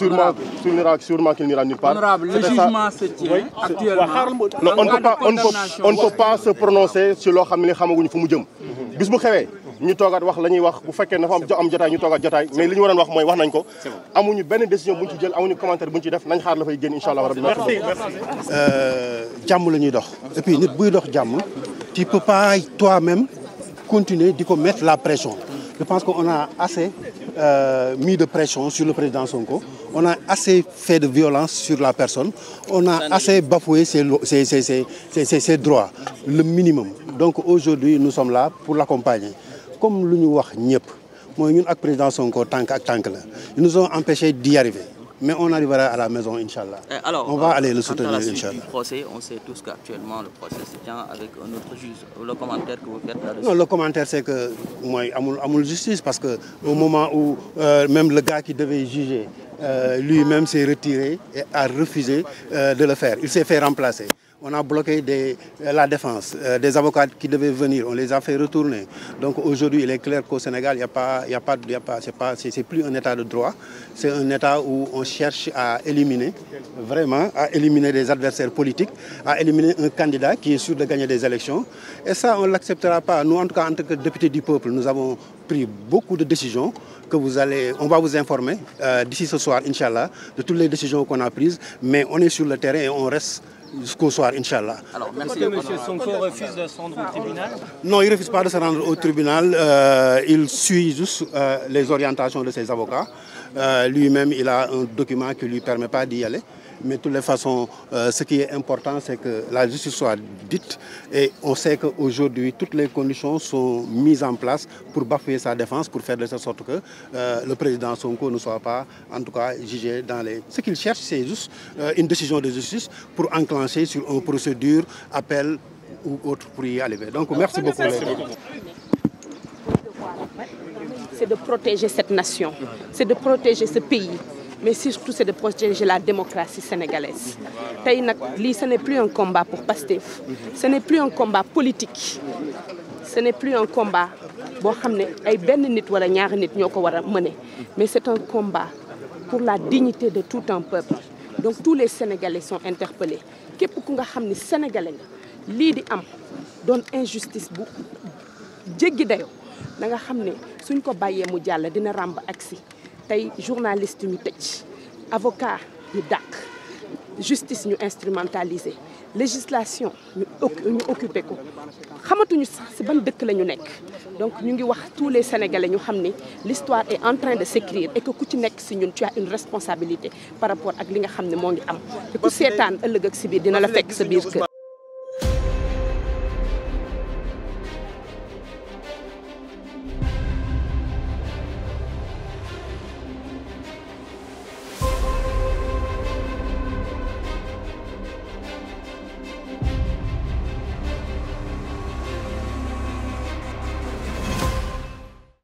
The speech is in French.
Sûrement, sûrement, sûrement qu'il n'ira nulle part. Honorable, le jugement se tient actuellement. on ne peut pas, on ne peut pas se prononcer sur loo xam ne xamaguñu fu mu jëm. bis bu xewee ñu toogaat wax la ñuy wax bu fekkee dafa am jotaay ñu toogaat jotaay mais li ñu waroon wax mooy wax nañ ko. amuñu benn décision bu ñu ci jël amuñu commentaire bu ñu ci def nañ xaar la fay génn incha allah rabbi. merci merci. Euh, jàmm dox. et puis nit buy dox jàmm. tu peux pas toi-même continuer di mettre la pression. je pense qu'on a assez. Euh, mis de pression sur le président Sonko. On a assez fait de violence sur la personne. On a assez bafoué ses, droits, le minimum. Donc aujourd'hui, nous sommes là pour l'accompagner. Comme nous Wach moi, nous, le président Sonko, que ils nous ont empêchés d'y arriver mais on arrivera à la maison, Inch'Allah. Euh, on va euh, aller le soutenir, Inch'Allah. procès, on sait tous qu'actuellement, le procès se tient avec un autre juge. Le commentaire que vous faites là Non, le commentaire, c'est que, moi, amul Justice, parce qu'au moment où euh, même le gars qui devait juger, lui-même s'est retiré et a refusé de le faire. Il s'est fait remplacer. On a bloqué euh, la défense, euh, des avocats qui devaient venir, on les a fait retourner. Donc aujourd'hui, il est clair qu'au Sénégal, il n'est a pas, c'est plus un état de droit, c'est un état où on cherche à éliminer, vraiment, à éliminer des adversaires politiques, à éliminer un candidat qui est sûr de gagner des élections. Et ça, on l'acceptera pas. Nous, en tout cas, en tant que députés du peuple, nous avons pris beaucoup de décisions que vous allez, on va vous informer euh, d'ici ce soir, Inch'Allah, de toutes les décisions qu'on a prises, mais on est sur le terrain et on reste jusqu'au soir, Alors, M. Sonko refuse de se rendre au tribunal Non, il ne refuse pas de se rendre au tribunal. Euh, il suit juste euh, les orientations de ses avocats. Euh, lui-même, il a un document qui ne lui permet pas d'y aller. Mais de toutes les façons, euh, ce qui est important, c'est que la justice soit dite. Et on sait qu'aujourd'hui, toutes les conditions sont mises en place pour bafouer sa défense, pour faire de cette sorte que euh, le président Sonko ne soit pas, en tout cas, jugé dans les... Ce qu'il cherche, c'est juste euh, une décision de justice pour enclencher sur une procédure, appel ou autre pour y arriver. Donc, merci beaucoup. Merci beaucoup c'est de protéger cette nation, c'est de protéger ce pays mais surtout c'est de protéger la démocratie sénégalaise ce n'est plus un combat pour Pastef ce n'est plus un combat politique ce n'est plus un combat mais c'est un combat pour la dignité de tout un peuple donc tous les Sénégalais sont interpellés képp ku nga que les sénégalais nga lii di am injustice bu jéggi dayoo da nga xam suñ ko dina tay journaliste ñu tecc avocat ñu dàq justice ñu instrumentaliser législation ñu ñu occupé ko xamatuñu sax si ban dëkk lañu ñu nekk donc ñu ngi wax tous les sénégalais ñu xam l'histoire est en train de s'écrire et que ku ci nekk si ñun tu as une responsabilité par rapport ak li nga xam mo ngi am te ku seetaan ëllëg ak si biir dina la fekk sa biir